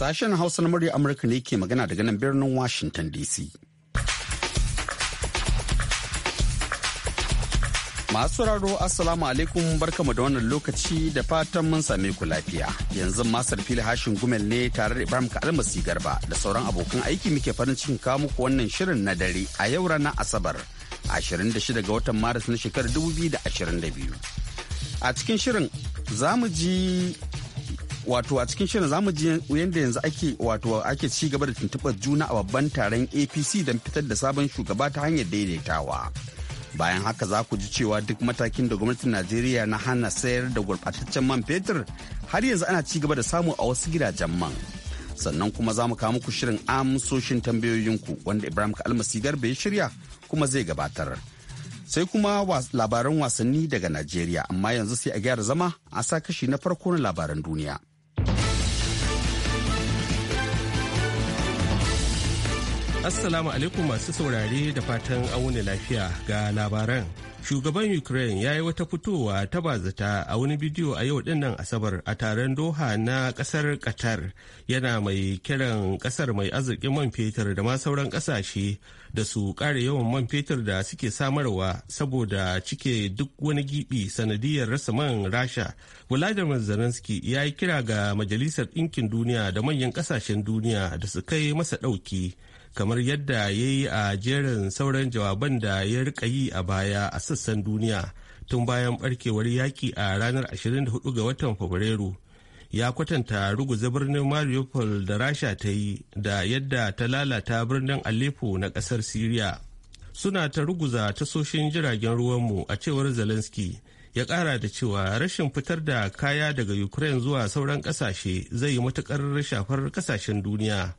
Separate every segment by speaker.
Speaker 1: Sashen Hausa na murya Amurka ne ke magana daga nan birnin Washington DC. Masu raro Assalamu alaikum barkamu da wannan lokaci da fatan mun same ku lafiya. Yanzu Masar fili hashin gumel ne tare da Ibrahim Kalmasi Garba da sauran abokan aiki muke farin cikin kawo muku wannan shirin na dare a yau ranar Asabar 26 ga watan Maris na shekarar 2022. A cikin shirin za mu ji wato a cikin shirin zamu ji yadda yanzu ake wato ake ci gaba da tuntuɓar juna a babban taron apc don fitar da sabon shugaba ta hanyar daidaitawa bayan haka za ku ji cewa duk matakin da gwamnatin najeriya na hana sayar da gurɓataccen man fetur har yanzu ana ci gaba da samu a wasu gidajen man sannan kuma za mu kawo muku shirin amsoshin tambayoyinku wanda ibrahim kalmasi garba ya shirya kuma zai gabatar sai kuma labaran wasanni daga najeriya amma yanzu sai a gyara zama a sa kashi na farko na labaran duniya
Speaker 2: Assalamu alaikum masu saurare da fatan auni lafiya ga labaran. Shugaban Ukraine ya yi wata fitowa ta bazata a wani bidiyo a yau dinnan Asabar a taron Doha na kasar Qatar yana mai kiran kasar mai arzikin man fetur da ma sauran kasashe da su kare yawan man fetur da suke samarwa saboda cike duk wani gibi sanadiyar rasa man Rasha. Vladimir Zelensky ya yi kira ga Majalisar Ɗinkin Duniya da manyan kasashen duniya da su kai masa ɗauki. kamar yadda ya yi a jerin sauran jawaban da ya rika yi a baya a sassan duniya tun bayan barkewar yaki a ranar 24 ga watan fabrairu ya kwatanta ruguza birnin mariupol da rasha ta yi da yadda ta lalata birnin aleppo na kasar syria suna ta ruguza tasoshin jiragen ruwanmu a cewar zelensky ya kara da cewa rashin fitar da kaya daga ukraine zuwa sauran kasashe zai yi matukar shafar kasashen duniya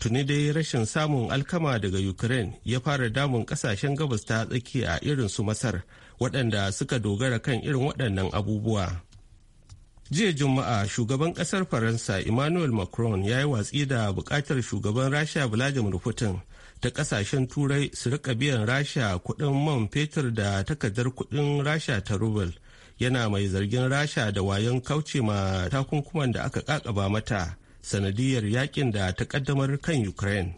Speaker 2: tuni dai rashin samun alkama daga ukraine ya fara damun kasashen gabas ta tsakiya irin su masar waɗanda suka dogara kan irin waɗannan abubuwa jiya juma'a shugaban ƙasar faransa emmanuel macron ya yi watsi da buƙatar shugaban rasha vladimir putin ta ƙasashen turai su rika biyan rasha kuɗin man fetur da takardar kuɗin rasha ta rubel yana mai zargin rasha da wayan kauce ma takunkuman da aka ƙaƙaba mata sanadiyar yakin da ta kaddamar kan ukraine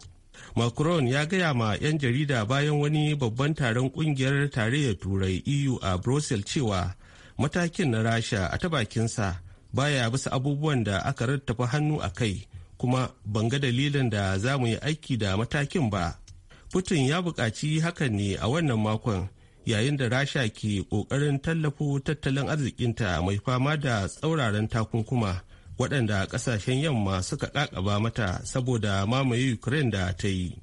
Speaker 2: macron ya gaya ma 'yan jarida bayan wani babban taron kungiyar tarayyar turai eu a brussels cewa matakin na rasha a ta bakinsa baya bisa abubuwan da aka rattafa hannu a kai kuma ban ga dalilin da za mu yi aiki da matakin ba putin ya buƙaci hakan ne a wannan makon yayin da rasha ke ƙoƙarin tallafo tattalin arzikinta mai fama da tsauraran takunkuma waɗanda ƙasashen yamma suka ƙaƙaba mata saboda mamaye ukraine da ta yi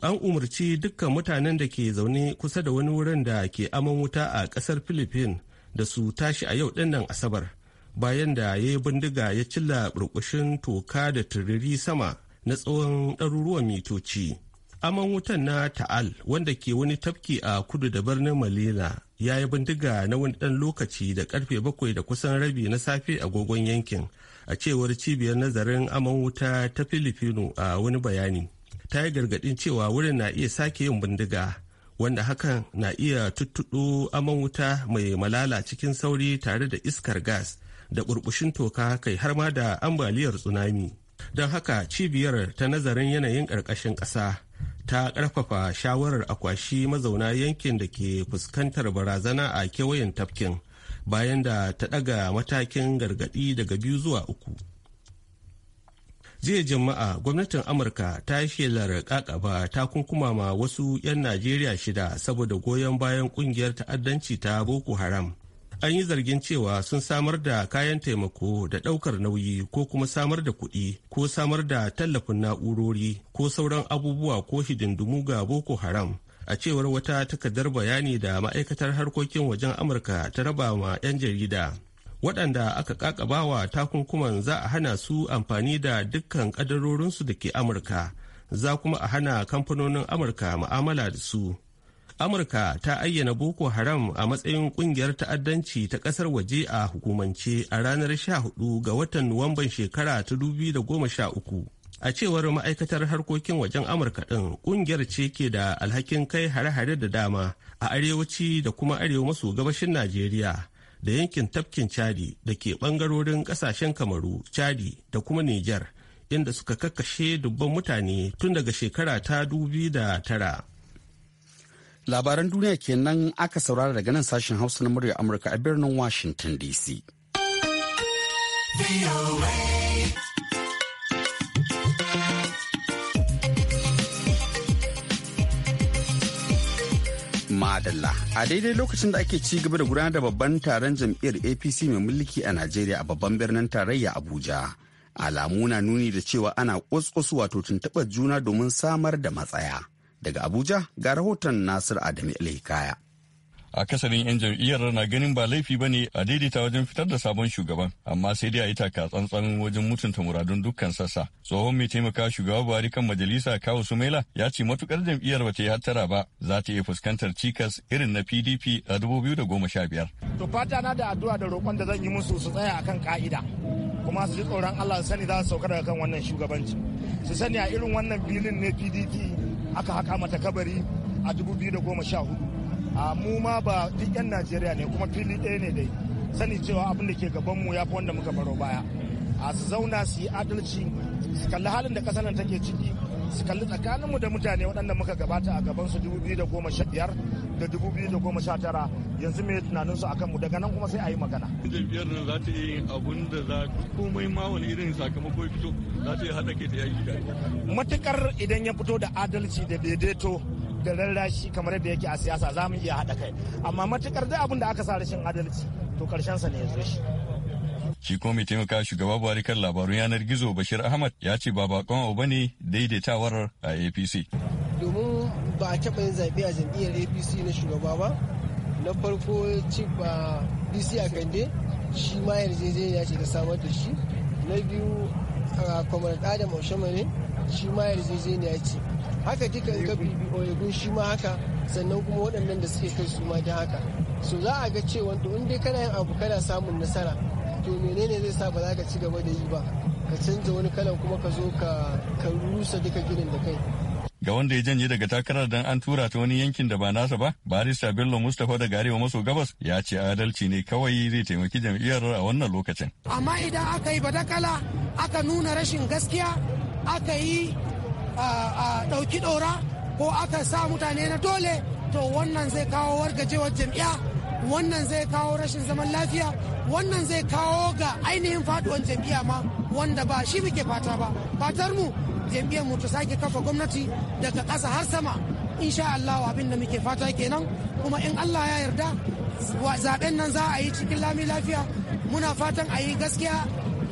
Speaker 2: an umarci dukkan mutanen da ke zaune kusa da wani wurin da ke aman wuta a ƙasar philippines da su tashi a yau ɗinnan asabar bayan da ya yi bindiga ya cilla burkushin toka da turiri sama na tsawon ɗaruruwan mitoci aman wutan na ta'al wanda ke wani tafki a kudu da birnin malila ya yi bindiga na wani ɗan lokaci da karfe bakwai da kusan rabi na safe agogon yankin a cewar cibiyar nazarin aman wuta ta filifino a wani bayani ta yi gargadin cewa wurin na iya sake yin bindiga wanda hakan na iya tuttuɗo aman wuta mai malala cikin sauri tare da iskar gas da burbushin toka kai har ma da ambaliyar tsunami don haka cibiyar ta nazarin yanayin ƙarƙashin ƙasa ta karfafa shawarar akwashi mazauna yankin da ke fuskantar barazana a kewayen tafkin bayan da ta daga matakin gargadi daga biyu zuwa uku jiya jama'a gwamnatin amurka ta yi shelar kakaba ta kunkuma ma wasu 'yan najeriya shida saboda goyon bayan kungiyar ta'addanci ta boko haram an yi zargin cewa sun samar da kayan taimako da ɗaukar nauyi ko kuma samar da kuɗi ko samar da tallafin na'urori ko sauran abubuwa ko hidindumu ga boko haram a cewar wata takardar bayani da ma'aikatar harkokin wajen amurka ta raba ma 'yan jarida waɗanda aka ƙaƙabawa takunkuman za a hana su amfani da dukkan ƙadarorinsu da ke amurka za kuma a hana kamfanonin amurka mu'amala da su amurka ta ayyana boko haram a matsayin kungiyar ta'addanci ta kasar waje a hukumance a ranar 14 ga watan nuwamban shekara ta 2013 a cewar ma'aikatar harkokin wajen amurka ɗin Ƙungiyar ce ke da alhakin kai hare-hare da dama a arewaci da kuma arewa maso gabashin najeriya da yankin tafkin chadi da ke ɓangarorin ƙasashen kamaru chadi da kuma nijar inda suka kakkashe dubban mutane tun daga shekara ta dubi da tara.
Speaker 1: Labaran duniya kenan aka saurara daga nan sashen Hausa na murya Amurka a birnin Washington DC. Madalla. A daidai lokacin da ake ci gaba da gudanar da babban taron jam'iyyar APC mai mulki a Najeriya a babban birnin tarayya Abuja. Alamu na nuni da cewa ana kwaskwasu wato tuntuɓar juna domin samar da matsaya. Daga Abuja ga rahoton Nasir Adamu Ilhikaya.
Speaker 3: akasarin 'yan jam'iyyar na ganin ba laifi ba ne a daidaita wajen fitar da sabon shugaban amma sai dai a yi taka tsantsan wajen mutunta muradun dukkan sassa tsohon mai taimaka shugaba buhari kan majalisa kawo sumaila ya ce matukar jam'iyyar ba ta yi hattara ba za ta iya fuskantar cikas irin na pdp a biyar.
Speaker 1: to fata na da addu'a da roƙon da zan yi musu su tsaya akan ka'ida kuma su ji tsoron allah sani za su sauka daga kan wannan shugabanci su sani a irin wannan filin ne pdp aka haƙa mata kabari a da 2014 a mu ma ba duk 'yan najeriya ne kuma fili ɗaya ne dai sani cewa abin da ke gabanmu ya fi wanda muka baro baya a su zauna su yi adalci su kalli halin da kasar nan take ciki su kalli tsakaninmu da mutane waɗanda muka gabata a gaban su 2015 da 2019 yanzu mai tunanin su akan mu daga nan kuma sai a yi magana.
Speaker 3: Jam'iyyar nan za ta yi abun da za komai ma wani irin sakamako ya fito za ta yi haɗa ke ta yaki
Speaker 1: Matukar idan ya fito da adalci da daidaito da rarrashi kamar yadda yake a siyasa za mu iya haɗa kai amma matukar duk abin da aka sa rashin adalci to karshen sa ne ya zo shi.
Speaker 3: Shi kuma mai taimaka shugaba Buhari kan labarun yanar gizo Bashir Ahmad ya ce ba bakon abu ne daidaitawar a APC.
Speaker 2: Domin ba a taɓa yin zaɓe a jam'iyyar APC na shugaba ba, na farko ci ba DC a kande shi ma yarjejeniya ce ta samar da shi, na biyu a kwamar Adam ne shi ma yarjejeniya ce. Haka duka ga BBO shi ma haka sannan kuma waɗannan da suke kai su ma da haka. So za a ga cewa wanda in dai kana yin abu kana samun nasara to menene zai sa ba za ka ci gaba da yi ba ka canza wani kalan kuma ka zo ka rusa duka ginin da kai
Speaker 3: ga wanda ya janye daga takarar dan an tura ta wani yankin da ba nasa ba barista bello mustapha da garewa maso gabas ya ce adalci ne kawai zai taimaki jam'iyyar a wannan lokacin
Speaker 1: amma idan aka yi badakala aka nuna rashin gaskiya aka yi ɗauki ɗora ko aka sa mutane na dole to wannan zai kawo wargajewar jam'iyya wannan zai kawo rashin zaman lafiya wannan zai kawo ga ainihin faduwan jam'iyya ma wanda ba shi muke fata ba fatar mu jam'iyyar mu ta sake kafa gwamnati daga ƙasa har sama insha Allah abin da muke fata kenan kuma in Allah ya yarda zaben nan za a yi cikin lami lafiya muna fatan a yi gaskiya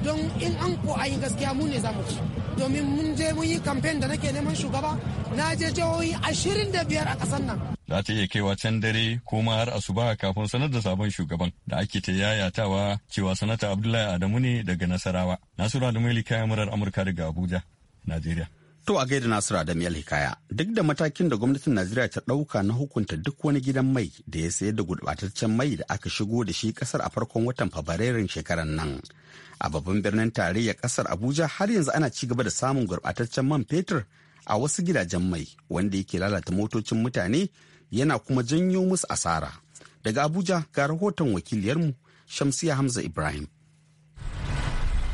Speaker 1: don in an ko a yi gaskiya mu ne za mu ci. domin mun je mun yi kamfen da nake neman shugaba na je jihohi ashirin da biyar a ƙasar nan.
Speaker 3: Za ta iya kaiwa can dare ko ma har asuba kafin sanar da sabon shugaban da ake ta yayatawa cewa sanata Abdullahi Adamu ne daga Nasarawa. Nasiru Adamu Kayan Murar Amurka daga Abuja, Najeriya. To a gaida Nasiru Adam
Speaker 1: Hikaya, duk da matakin da gwamnatin Najeriya ta ɗauka na hukunta duk wani gidan mai da ya sayar da gurɓataccen mai da aka shigo da shi ƙasar a farkon watan Fabrairun shekarar nan. A babban birnin tarayya ƙasar Abuja har yanzu ana ci gaba da samun gurɓataccen man fetur a wasu gidajen mai wanda yake lalata motocin mutane yana kuma janyo musu asara. Daga Abuja ga rahoton wakiliyarmu Shamsiya Hamza Ibrahim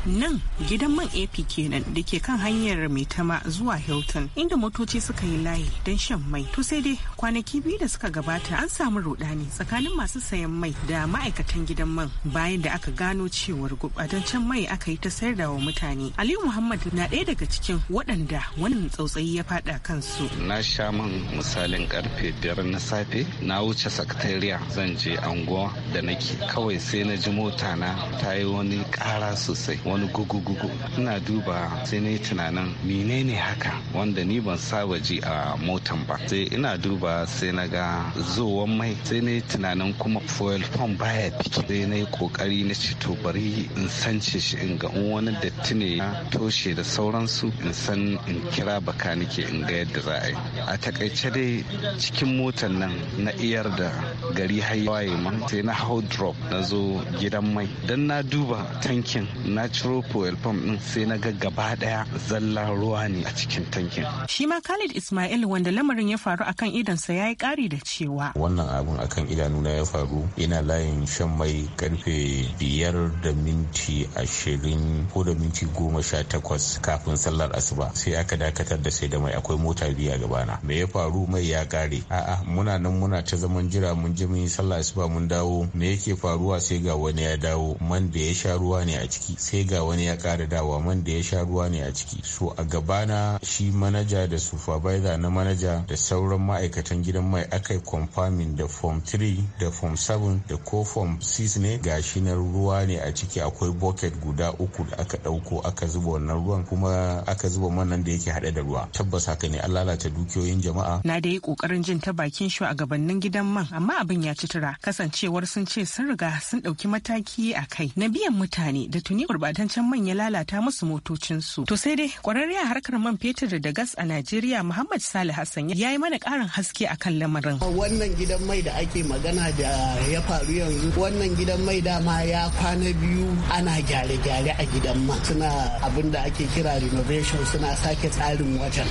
Speaker 4: nan gidan man AP kenan da ke kan hanyar Maitama zuwa Hilton inda motoci suka yi layi don shan mai. To sai dai kwanaki biyu da suka gabata an samu rudani tsakanin masu sayan mai da ma'aikatan gidan man bayan da aka gano cewar gubataccen mai aka yi ta sayar da wa mutane. Aliyu Muhammad na ɗaya daga cikin waɗanda wannan tsautsayi ya faɗa kansu.
Speaker 1: Na sha man misalin karfe biyar na safe na wuce sakatariya zan je anguwa da nake kawai sai na ji mota na ta yi wani ƙara sosai wani gugu-gugu ina duba sai na tunanin menene haka wanda ni ban saba ji a motan ba sai ina duba sai na ga zuwan mai sai na tunanin kuma fuel pump baya biki sai na yi kokari na ce to bari in sance shi in ga wani datti ne na toshe da sauransu in san in kira baka nike in ga yadda za a yi a takaice dai cikin motan nan na iyar da gari har sai na hau drop na zo gidan mai Don na duba tankin na ci ciro ɗin sai na ga gaba daya zalla ruwa ne a cikin tankin
Speaker 4: shi ma Khalid Ismail wanda lamarin ya faru akan idansa ya yi kari da cewa
Speaker 2: wannan abun akan idanu na ya faru ina layin shan mai karfe biyar da minti ashirin ko da minti goma sha takwas kafin sallar asuba sai aka dakatar da sai da mai akwai mota biya gabana me ya faru mai ya kare a'a muna nan muna ta zaman jira mun ji mun sallar asuba mun dawo me yake faruwa sai ga wani ya dawo man da ya sha ruwa ne a ciki sai ga wani ya kara dawa man da ya sha ruwa ne a ciki so a gabana shi manaja da supervisor na manaja da sauran ma'aikatan gidan mai aka yi confirming da form 3 da form 7 da ko form 6 ne ga shi na ruwa ne a ciki akwai bucket guda uku da aka dauko aka zuba wannan ruwan kuma aka zuba manan da yake hade da ruwa tabbas haka ne an lalata dukiyoyin jama'a
Speaker 4: na da yi kokarin jin ta bakin gabanin gidan man amma abin ya ci tura kasancewar sun ce sun riga sun dauki mataki a kai na biyan mutane da tuni gurbata ta'antancen man ya lalata musu motocinsu. To sai dai kwararre a harkar man fetur da gas a Najeriya Muhammad Salih Hassan ya yi mana karin haske akan lamarin. Wannan gidan mai da ake magana da ya faru yanzu wannan gidan mai dama ya kwana biyu ana gyare-gyare a gidan ma
Speaker 1: suna abin da ake kira renovation suna sake tsarin wajen.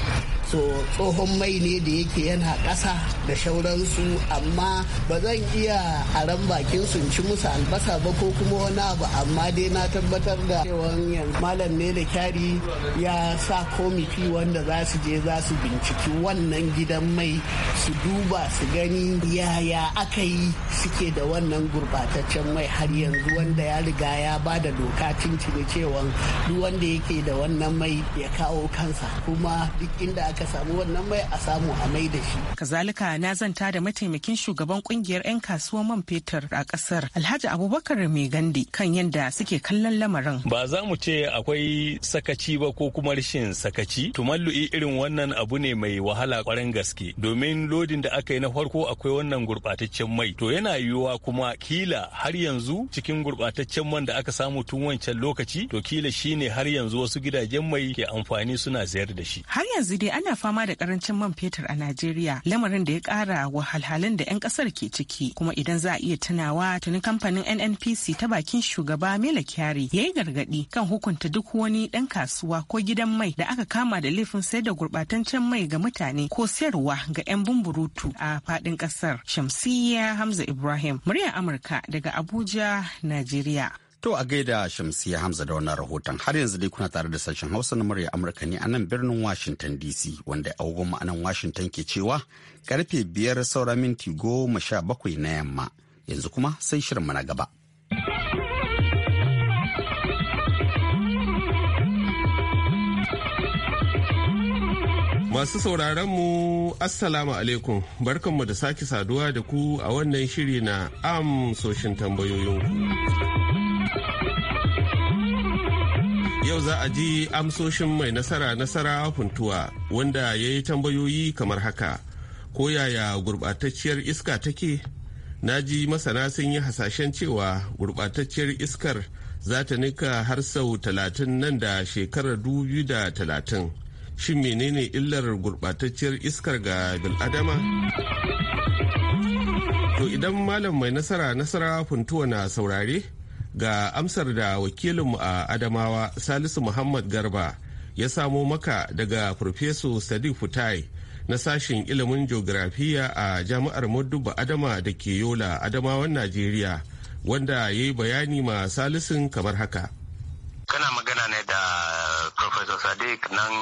Speaker 1: so tsohon mai ne da yake yana ƙasa da shauransu amma ba zan iya aran bakin sun ci musu albasa ba ko kuma wani abu amma dai na tabbatar da da malam ne da kyari ya sa komiti wanda za su je za su binciki wannan gidan mai su duba su gani yaya aka yi suke da wannan gurbataccen mai har yanzu wanda ya riga ya ba da doka cincini cewa duk wanda yake da wannan mai ya kawo kansa kuma duk inda aka samu wannan mai a
Speaker 4: samu a mai da shi. Kazalika na zanta da mataimakin shugaban kungiyar 'yan kasuwar man fetur a kasar Alhaji Abubakar Mai gandi kan yadda suke kallon lamarin.
Speaker 5: ba za mu ce
Speaker 2: akwai sakaci ba ko kuma rashin sakaci tumallu'i irin wannan abu ne mai wahala kwarin gaske domin lodin da aka yi na farko akwai wannan gurbataccen mai to yana yiwuwa kuma kila har yanzu cikin gurbataccen man da aka samu tun wancan lokaci to kila shine har yanzu wasu gidajen mai ke amfani suna sayar da shi
Speaker 4: har yanzu dai ana fama da karancin man fetur a Najeriya lamarin da ya kara wahalhalun da 'yan kasar ke ciki kuma idan za a iya tunawa tuni kamfanin NNPC ta bakin shugaba Mela Kyari yayi gargaɗi gargaɗi kan hukunta duk wani ɗan kasuwa ko gidan mai da aka kama da laifin sayar da gurɓatancen mai ga mutane ko sayarwa ga 'yan bumburutu a faɗin ƙasar. Shamsiyya Hamza Ibrahim, murya Amurka daga Abuja, Najeriya.
Speaker 1: To a gaida shamsiya Hamza da wannan rahoton har yanzu dai kuna tare da sashen Hausa na murya Amurka ne a nan birnin Washington DC wanda agogon ma'anan Washington ke cewa karfe biyar saura minti goma sha bakwai na yamma yanzu kuma sai shirin na gaba.
Speaker 2: Masu sauraron mu Assalamu alaikum barkanmu da sake saduwa da ku a wannan shiri na amsoshin tambayoyinku. Yau za a ji amsoshin mai nasara nasara funtuwa wanda ya yi tambayoyi kamar haka. Ko yaya gurbatacciyar iska take? Na ji masana sun yi hasashen cewa gurbatacciyar iskar za ta nika har sau talatin nan da shekarar talatin. shin menene illar gurɓatacciyar iskar ga bil bil'adama to idan malam mai nasara nasara funtuwa na saurare ga amsar da wakilinmu a adamawa salisu muhammad garba ya samo maka daga farfeso sadiq futai na sashen ilimin geografiya a jami'ar Modubba Adama da ke Yola Adamawan Najeriya wanda ya yi bayani ma salisin kamar haka.
Speaker 5: Kana magana ne da Professor Sadiq nan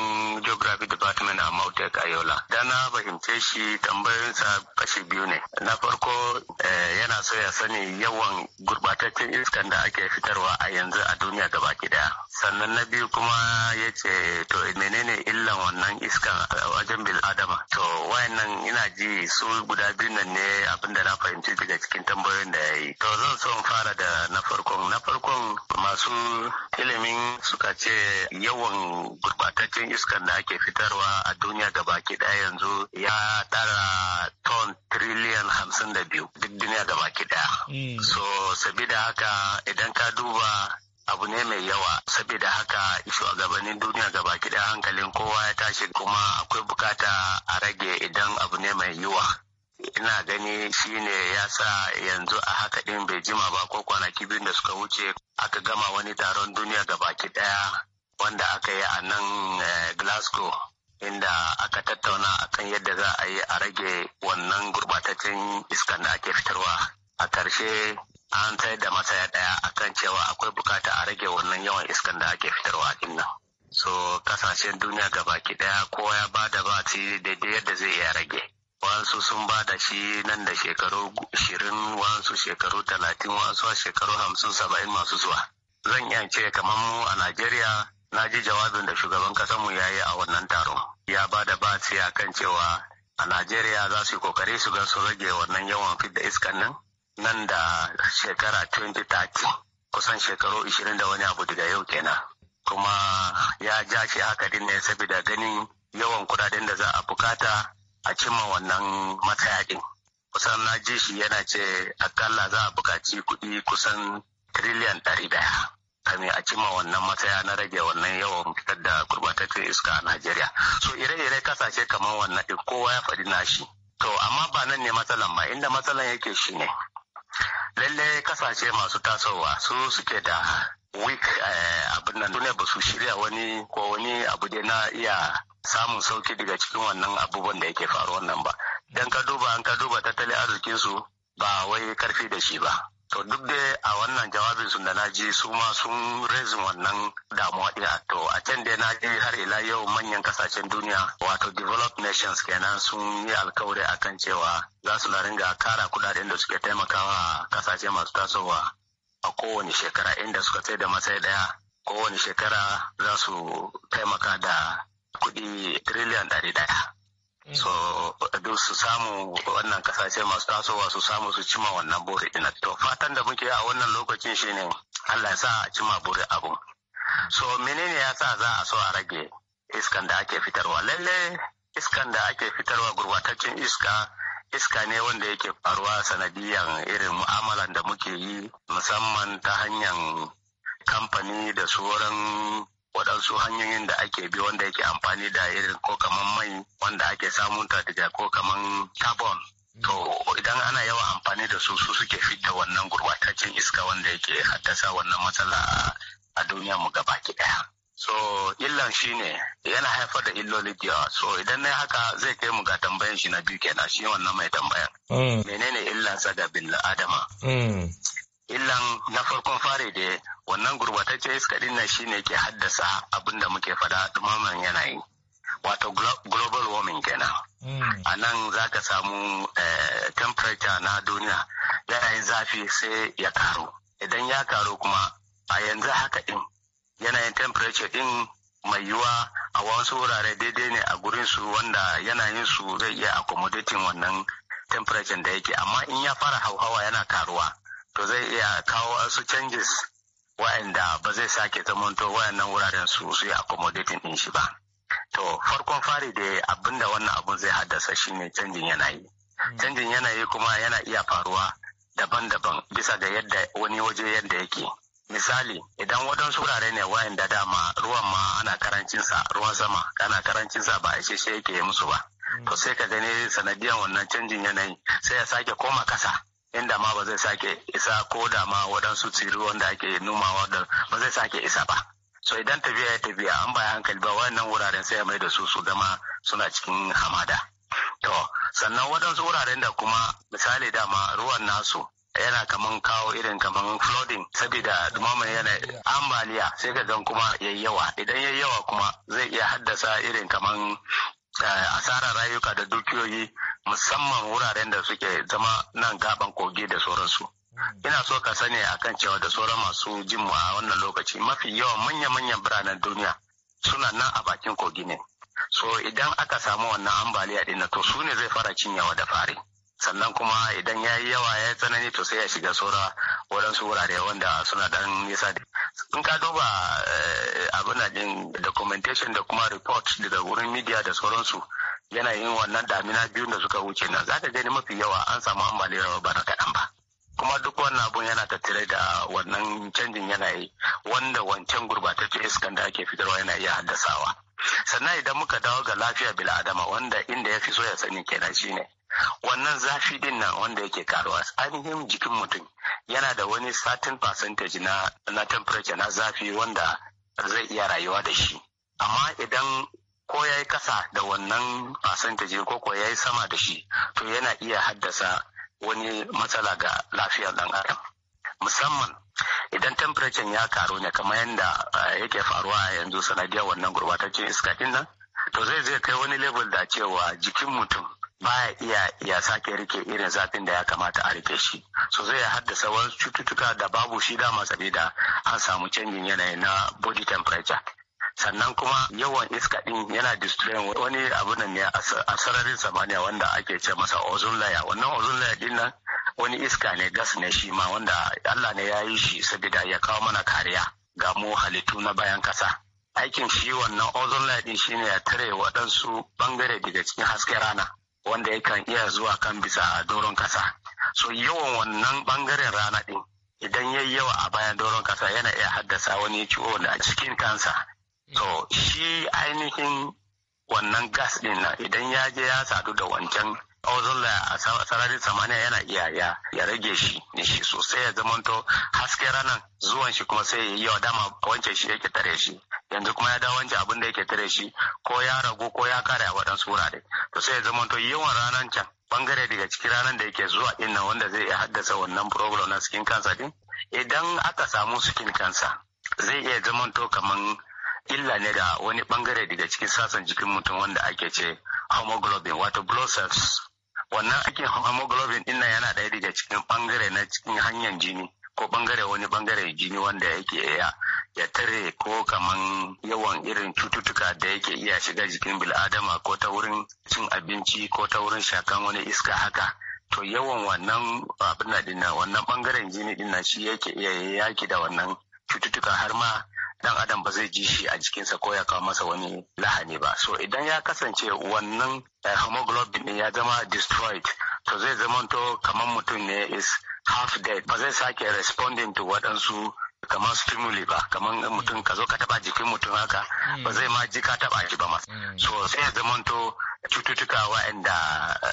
Speaker 5: Geography Department a Mautek Ayola. Da na fahimce shi tambayoyinsa kashi biyu ne. Na farko eh, yana so ya sani yawan gurbataccen iskan da ake fitarwa a yanzu a duniya gabaki daya. Sannan na biyu kuma ya ce to menene illan wannan iskan a wajen bil adama. To wayannan ina ji su guda biyu nan ne abin da na fahimci daga cikin tambayoyin da ya yi. To zan so in fara da na farkon. Na farkon masu ilimin suka ce yawan yawan gurbataccen iskan da ake fitarwa a duniya baki daya yanzu ya tara ton triliyan hamsin da biyu duk duniya baki daya. Hmm. So sabida haka idan ka duba abu ne mai yawa saboda haka shugabannin duniya baki daya hankalin kowa ya tashi kuma akwai bukata a rage idan abu ne mai yiwa ina gani shine ya sa yanzu a haka ɗin bai jima ba ko kwanaki biyu da suka wuce aka gama wani taron duniya gaba ɗaya wanda aka yi a nan eh, Glasgow inda aka tattauna akan yadda za a yi a rage wannan gurbataccen iskan da ake fitarwa a ƙarshe an tsayar da masaya ɗaya akan cewa akwai bukata a rage wannan yawan iskan da ake fitarwa a nan so kasashen duniya gabaki ɗaya kowa ya ba da ba daidai yadda zai iya rage wasu sun ba da shi nan da shekaru ashirin wasu shekaru talatin wasu shekaru hamsin saba'in masu zuwa zan iya ce kamar mu a najeriya na ji jawabin da shugaban kasanmu ya yi a wannan taron ya ba da batsi a kan cewa a najeriya za su yi kokari su ga su rage wannan yawan fit da iskan nan nan da shekara 2030 kusan shekaru 20 da wani abu daga yau kenan kuma ya ja shi haka din ne saboda ganin yawan kudaden da za a bukata a cimma wannan matsayakin kusan na ji shi yana ce akalla za a bukaci kuɗi kusan triliyan ɗari kame a cima wannan matsaya na rage wannan yawan fitar da gurbataccen iska a Najeriya. So ire-ire kasashe kamar wannan ɗin kowa ya faɗi nashi. To amma ba nan ne matsalan ba inda matsalan yake shi ne. Lalle kasashe masu tasowa su suke da week eh, abin nan duniya ba su shirya wani ko wani abu da na iya samun sauki daga cikin wannan abubuwan da yake faruwa nan ba. Dan ka duba an ka duba tattalin arzikinsu ba wai karfi da shi ba. to duk da a wannan jawabin sun da na ji su ma sun rezin wannan damuwa ɗin to a can da na ji har ila yau manyan kasashen duniya wato developed nations kenan sun yi alkawari akan cewa za su ringa kara kudaden da suke taimakawa kasashe masu tasowa a kowane shekara inda suka tsaye da matsayi daya kowane shekara za su taimaka da kuɗi triliyan ɗari ɗaya so duk su samu wannan kasashe masu tasowa su samu su cima wannan buri din to fatan da muke a wannan lokacin shine Allah ya sa a cima buri abu so menene ya sa za a so a rage iskan da ake fitarwa lalle iskan da ake fitarwa gurbataccen iska iska ne wanda yake faruwa sanadiyan irin mu'amalan da muke yi musamman ta hanyar kamfani da sauran waɗansu hanyoyin da ake bi wanda yake amfani da irin ko kaman mai wanda ake samun ta daga ko kaman carbon to idan ana yawan amfani da su su suke fita wannan gurbataccen iska wanda yake haddasa wannan matsala a duniya mu gaba ki daya so illan shi ne yana haifar da illoli da yawa so idan na haka zai kai mu ga tambayan shi na biyu kenan shi wannan mai tambayan mm. menene illansa ga bin adama mm. illan na farkon fare da wannan gurbataccen iska din nan shine ke haddasa abin da muke fada dumaman yanayi wato global warming kenan mm. a nan za ka samu eh, temperature na duniya yanayin zafi sai ya karu idan ya karu kuma a yanzu haka din yanayin temperature din mai yiwuwa a wasu wurare daidai ne a gurin su wanda yanayin su zai iya accommodating wannan temperature da yake amma in ya fara hauhawa yana karuwa to zai iya kawo wasu changes wa'anda ba zai sake zamanto wayannan wuraren su su yi accommodating din shi ba to farkon fari da abinda wannan abun zai haddasa shine canjin yanayi canjin yanayi kuma yana iya faruwa daban-daban bisa ga yadda wani waje yadda yake misali idan waɗansu wurare ne wayanda dama ruwan ma ana sa, ruwan sama ana karancin sa ba a shi yake musu ba to sai ka gani sanadiyan wannan canjin yanayi sai ya sake koma kasa inda ma ba zai sake isa ko da ma waɗansu tsiru wanda ake numawa da ba zai sake isa ba so idan tafiya ya tafiya an baya hankali ba wayannan wuraren sai ya mai da su su dama suna cikin hamada to sannan waɗansu wuraren da kuma misali dama ruwan nasu yana kaman kawo irin kaman flooding saboda dumaman yana ambaliya sai ka gan kuma yayyawa idan yayyawa kuma zai iya haddasa irin kaman eh, asarar rayuka da dukiyoyi musamman wuraren da suke zama nan gaban kogi da sauransu. Hmm. Ina so ka sani akan cewa da sauran masu jin mu a wannan lokaci mafi yawan manya-manyan biranen duniya suna nan a bakin kogi ne. So idan aka samu wannan ambaliya ɗin to su ne zai fara cinyawa da fari. sannan kuma idan ya yi yawa ya tsanani to sai ya shiga saura waɗansu wurare wanda suna dan nisa da in ka duba eh, abin da documentation da kuma report daga wurin media da sauransu yanayin wannan damina biyu da suka wuce nan ta gani mafi yawa an samu ambaliyar ba na kaɗan ba kuma duk wannan abun yana tattare da wannan canjin yanayi wanda wancan gurbataccen iskan da ake fitarwa yana iya haddasawa sannan idan muka dawo ga lafiya bil'adama wanda inda ya fi so ya sani kenan shine wannan zafi din nan wanda yake karuwa ainihin jikin mutum yana da wani satin percentage na na temperature na zafi wanda zai iya rayuwa da shi amma idan ko ya yi kasa da wannan fasantaji ko ko ya yi sama da shi to yana iya haddasa wani matsala ga lafiyar ɗan adam musamman idan temperature ya karu ne kamar yadda eh, yake faruwa a yanzu sanadiyar wannan gurbataccen iska din nan to zai zai kai wani level da cewa jikin mutum baya iya ya sake rike irin zafin da ya kamata a rike shi so zai haddasa wasu cututtuka da babu shi dama sabida an samu canjin yanayi na body temperature sannan kuma yawan iska din yana destroying wani abu nan ne a sararin samaniya wanda ake ce masa ozone layer wannan ozone layer din nan wani iska ne gas ne shi ma wanda Allah ne ya yi shi saboda ya kawo mana kariya ga mu halittu na bayan kasa aikin shi wannan ozone layer din shine ya tare waɗansu bangare daga cikin hasken rana wanda yakan iya zuwa kan bisa doron kasa so yawan wannan bangaren rana din idan yayi yawa a bayan doron kasa yana iya haddasa wani ciwo a cikin kansa To shi ainihin wannan gas din nan idan ya je ya sadu da wancan ozon a sararin samaniya yana iya ya rage shi ne shi sosai ya to haske ranar zuwan shi kuma sai yi wa dama wancan shi yake tare shi yanzu kuma ya dawo wancan abin da yake tare shi ko ya ragu ko ya kare a waɗansu wurare to sai ya to yawan ranar can bangare daga cikin ranar da yake zuwa inna wanda zai haddasa wannan problem na skin cancer din idan aka samu skin cancer zai iya zamanta kaman illa ne da wani bangare daga cikin sassan jikin mutum wanda ake ce homoglobin wato blood cells wannan ake homoglobin din yana ɗaya daga cikin bangare na cikin hanyar jini ko bangare wani bangare jini wanda yake iya ya tare ko kaman yawan irin cututtuka da yake iya shiga jikin bil'adama ko ta wurin cin abinci ko ta wurin shakan wani iska haka to yawan wannan abin na wannan bangaren jini din shi yake iya yaki da wannan cututtuka har ma dan adam ba zai ji shi a jikinsa ko ya kawo masa wani lahani ba so idan ya kasance wannan eh, hemoglobin ya zama destroyed to zai zamanto kamar mutum ne is half dead ba zai sake responding to waɗansu kamar stimuli ba kamar mutum ka zo ka taba jikin mutum haka hmm. ba zai ma ji ka taba ji ba ma hmm. so sai ya zamanto cututtuka waɗanda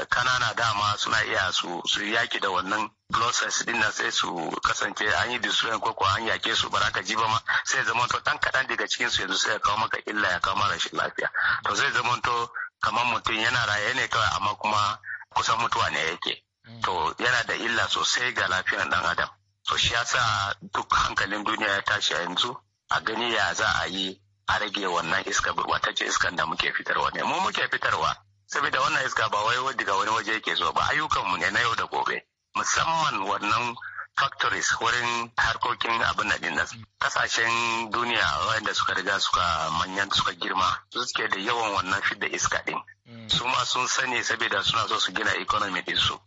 Speaker 5: kanana eh, dama suna iya su su yaki da wannan process din nan sai su kasance an yi disuwan ko ko an yake su ba ka ji ba ma sai zama to dan kadan daga cikin su yanzu sai ya kawo maka illa ya kawo rashin lafiya to zai zama to kamar mutum yana raye ne kawai amma kuma kusan mutuwa ne yake hmm. to yana da illa sosai ga lafiyar dan adam to shi yasa duk hankalin duniya ya tashi a yanzu a gani ya za a yi a rage wannan iska gurbatacce iskan da muke fitarwa ne mu muke fitarwa saboda wannan iska ba wai daga wani waje yake zuwa ba ayyukan mu ne na yau da gobe musamman wannan factories wurin harkokin abin da dinnan kasashen duniya wanda suka riga suka manyan suka girma su suke da yawan wannan da iska din mm. su ma sun sani saboda suna so su gina economy din su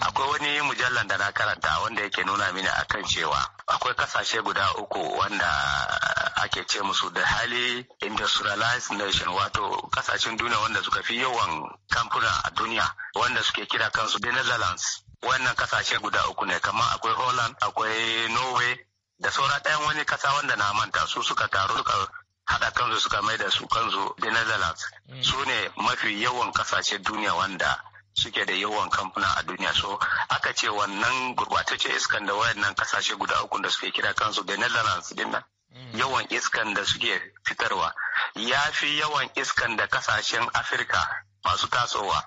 Speaker 5: akwai wani mujallar da na karanta wanda yake nuna mini akan cewa akwai kasashe guda uku wanda ake ce musu da hali industrialized nation wato kasashen duniya wanda suka fi yawan kamfuna a duniya wanda suke kira kansu the netherlands wannan kasashe guda uku ne kamar akwai holland akwai norway da saura ɗayan wani kasa wanda na manta su suka taru suka haɗa kansu suka mai da su kansu the netherlands mm. su ne mafi yawan kasashe duniya wanda suke da yawan kamfuna a duniya so aka ce wannan gurbatacce iskan da wayannan kasashe guda uku da suke kira kansu da netherlands din nan mm. yawan iskan da suke fitarwa ya fi yawan iskan da kasashen afirka masu tasowa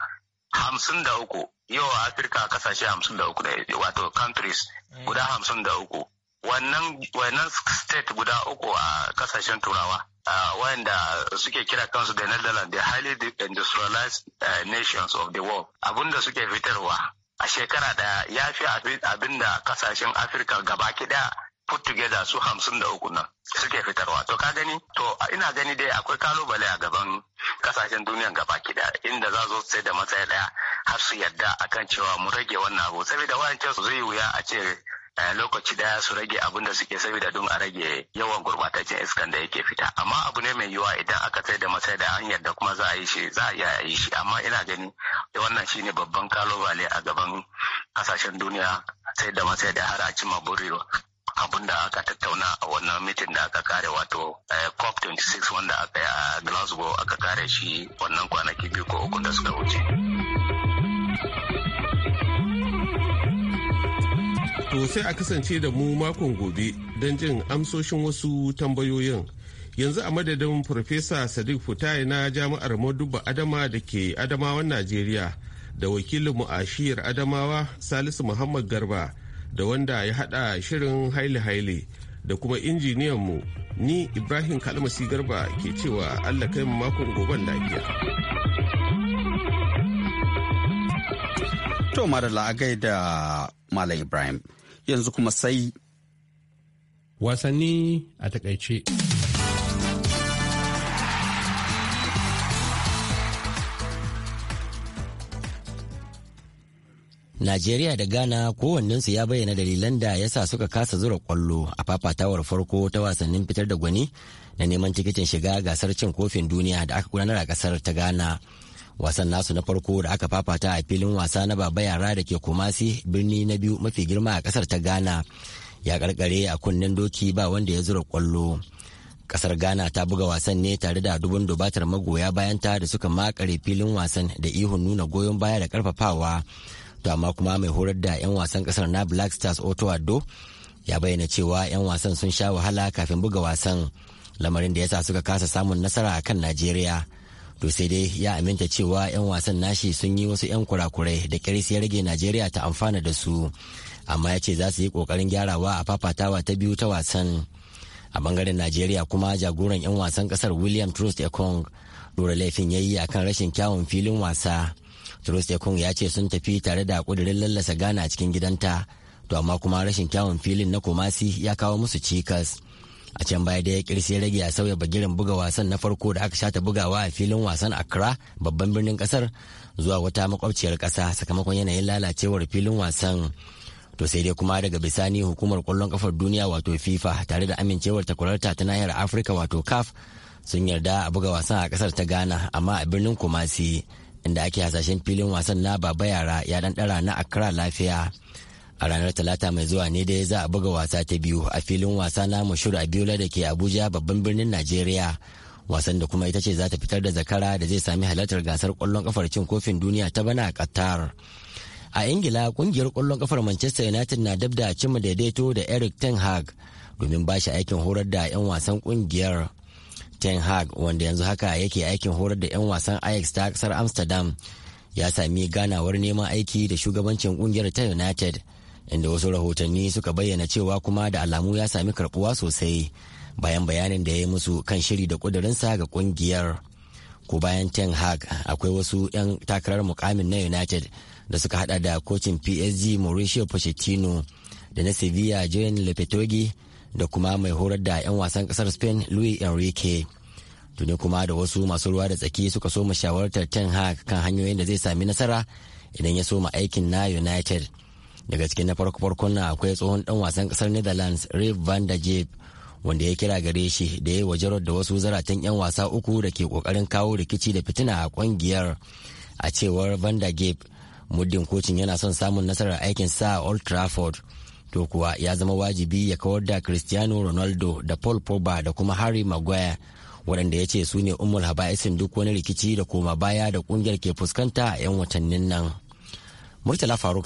Speaker 5: hamsin da uku yawa afirka kasashe hamsin da uku wato countries mm. guda hamsin da uku wannan state guda uku a kasashen turawa Uh, wayanda suke kira kansu da Netherlands the highly industrialized uh, nations of the world abinda suke fitarwa a shekara da ya fi abinda kasashen Afirka gaba kiɗa put together su hamsin da uku nan suke fitarwa to ka gani to ina gani dai akwai kalubale a gaban kasashen duniyan gaba kiɗa inda za zo sai da matsayi daya har su yadda akan cewa mu rage wannan abu saboda wayancin su zai wuya a ce lokaci daya su rage abin da suke saboda don a rage yawan gurbataccen iskan da yake fita amma abu ne mai yiwuwa idan aka sai da matsayi da hanyar da kuma za a yi shi za a iya yi shi amma ina gani wannan shine babban kalubale a gaban kasashen duniya sai da matsayi da har a cima burin abin da aka tattauna a wannan mitin da aka kare wato eh, cop 26 wanda aka yi a glasgow aka kare shi wannan kwanaki biyu ko uku da suka wuce.
Speaker 2: To sai a kasance da mu makon gobe don jin amsoshin wasu tambayoyin. Yanzu a madadin Farfesa Sadiq Futai na Jami'ar Maduba Adama da ke Adamawan Najeriya da wakilinmu a shiyar Adamawa Salisu Muhammad Garba da wanda ya haɗa shirin haile haile da kuma mu ni Ibrahim Kalmasi Garba ke cewa Allah kai makon goben lafiya.
Speaker 1: To Madalla a gaida Malam Ibrahim yanzu kuma sai.
Speaker 2: Wasanni a takaice.
Speaker 6: Najeriya da Ghana kowannensu ya bayyana dalilan da ya sa suka kasa zura kwallo a fafatawar farko ta wasannin fitar da gwani na neman tikitin shiga gasar cin kofin duniya da aka gudanar a kasar ta Ghana. wasan nasu na farko da aka fafata a filin wasa na baba yara da ke kumasi birni na biyu mafi girma a kasar ta ghana ya karkare a kunnen doki ba wanda ya zura kwallo kasar ghana ta buga wasan ne tare da dubun dubatar magoya bayan ta da suka makare filin wasan da ihun nuna goyon baya da karfafawa to amma kuma mai horar da 'yan wasan kasar na black stars otto addo ya bayyana cewa 'yan wasan sun sha wahala kafin buga wasan lamarin da ya sa suka kasa samun nasara a kan najeriya to sai dai ya aminta cewa 'yan wasan nashi sun yi wasu 'yan kurakurai da kiris ya rage najeriya ta amfana da su amma ya ce za su yi kokarin gyarawa a fafatawa ta biyu ta wasan a bangaren najeriya kuma jagoran 'yan wasan kasar william trust ekong dora laifin ya yi akan rashin kyawun filin wasa trust ekong ya ce sun tafi tare da kudirin lallasa gana a cikin gidanta to amma kuma rashin kyawun filin na kumasi ya kawo musu cikas a can baya da ya ya rage a sauya bagirin buga wasan na farko da aka shata bugawa a filin wasan accra babban birnin kasar zuwa wata makwabciyar kasa sakamakon yanayin lalacewar filin wasan to sai dai kuma daga bisani hukumar kwallon kafar duniya wato fifa tare da amincewar takwararta ta nahiyar afirka wato caf sun yarda a buga wasan a kasar ta ghana amma a birnin kumasi inda ake hasashen filin wasan na baba yara ya dan dara na accra lafiya a ranar talata mai zuwa ne dai za a buga wasa ta biyu a filin wasa na mashur abiola da ke abuja babban birnin najeriya wasan da kuma ita ce za ta fitar da zakara da zai sami halartar gasar kwallon kafar cin kofin duniya ta bana a qatar a ingila kungiyar kwallon kafar manchester united na dabda da cimma daidaito da eric ten hag domin ba shi aikin horar da 'yan wasan kungiyar ten hag wanda yanzu haka yake aikin horar da 'yan wasan ajax ta kasar amsterdam ya sami ganawar neman aiki da shugabancin kungiyar ta united inda wasu rahotanni suka bayyana cewa kuma da alamu ya sami karbuwa sosai bayan bayanin da ya yi musu kan shiri da kudurinsa ga kungiyar ko bayan ten hag akwai wasu 'yan takarar mukamin na united da suka hada da kocin psg mauricio pochettino da na sevilla joan lepetogi da kuma mai horar da 'yan wasan kasar spain louis enrique tuni kuma da wasu masu ruwa da tsaki suka soma shawartar ten hag kan hanyoyin da zai sami nasara idan ya soma aikin na united daga cikin na farko farkon na akwai tsohon dan wasan kasar netherlands Rip van der Jeep wanda ya kira gare shi da ya wajarar da wasu zaratan 'yan wasa uku da ke kokarin kawo rikici da fitina a kungiyar a cewar van der Jeep muddin kocin yana son samun nasarar aikin sa a old trafford to kuwa ya zama wajibi ya kawar da cristiano ronaldo da paul pogba da kuma harry maguire waɗanda ya ce su ne umul haba'isin duk wani rikici da koma baya da ƙungiyar ke fuskanta a 'yan watannin nan murtala faruk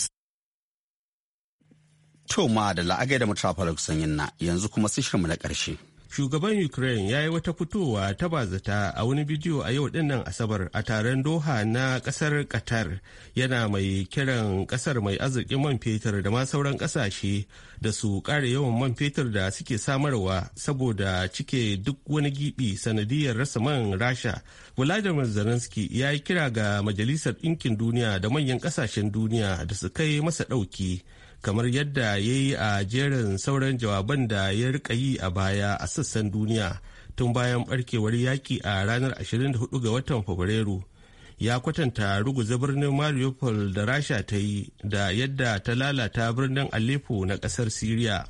Speaker 1: To ma da la'agai da mutafalak sanyin na yanzu kuma shirinmu na ƙarshe.
Speaker 2: Shugaban Ukraine ya yi wata fitowa ta bazata a wani bidiyo a yau dinnan Asabar a taron Doha na ƙasar Qatar yana mai kiran ƙasar mai arzikin man fetur da ma sauran ƙasashe da su ƙara yawan man fetur da suke samarwa saboda cike duk wani gibi sanadiyar rasa man Rasha. Vladimir Zelensky ya yi kira ga Majalisar Ɗinkin Duniya da manyan ƙasashen duniya da su kai masa ɗauki. kamar yadda ya yi a jerin sauran jawaban da ya rika yi a baya a sassan duniya tun bayan barkewar yaki a ranar 24 ga watan fabrairu ya kwatanta ruguza birnin mariupol da rasha ta yi da yadda ta lalata birnin aleppo na kasar syria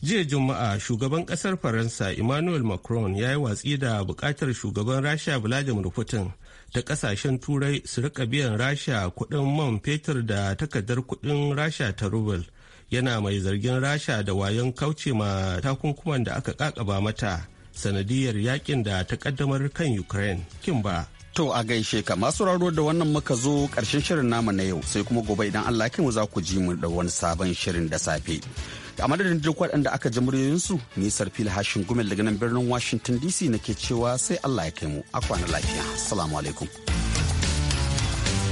Speaker 2: jiya juma'a shugaban kasar faransa emmanuel macron ya yi watsi da bukatar shugaban rasha vladimir putin ta kasashen turai su rika biyan rasha kudin man fetur da takardar kudin rasha ta rubel yana mai zargin rasha da wayan kauce ma takunkuman da aka kakaba mata sanadiyar yakin da ta kaddamar kan ukraine kin ba
Speaker 1: To a gaishe ka masu raro da wannan muka zo karshen shirin nama na yau sai kuma gobe idan Allah mu za ku ji mu da wani sabon shirin da safe. a madadin duk waɗanda aka ji muryoyinsu nisar fili hashin gumel daga nan birnin washington dc na ke cewa sai allah ya kai mu a kwana lafiya salamu alaikum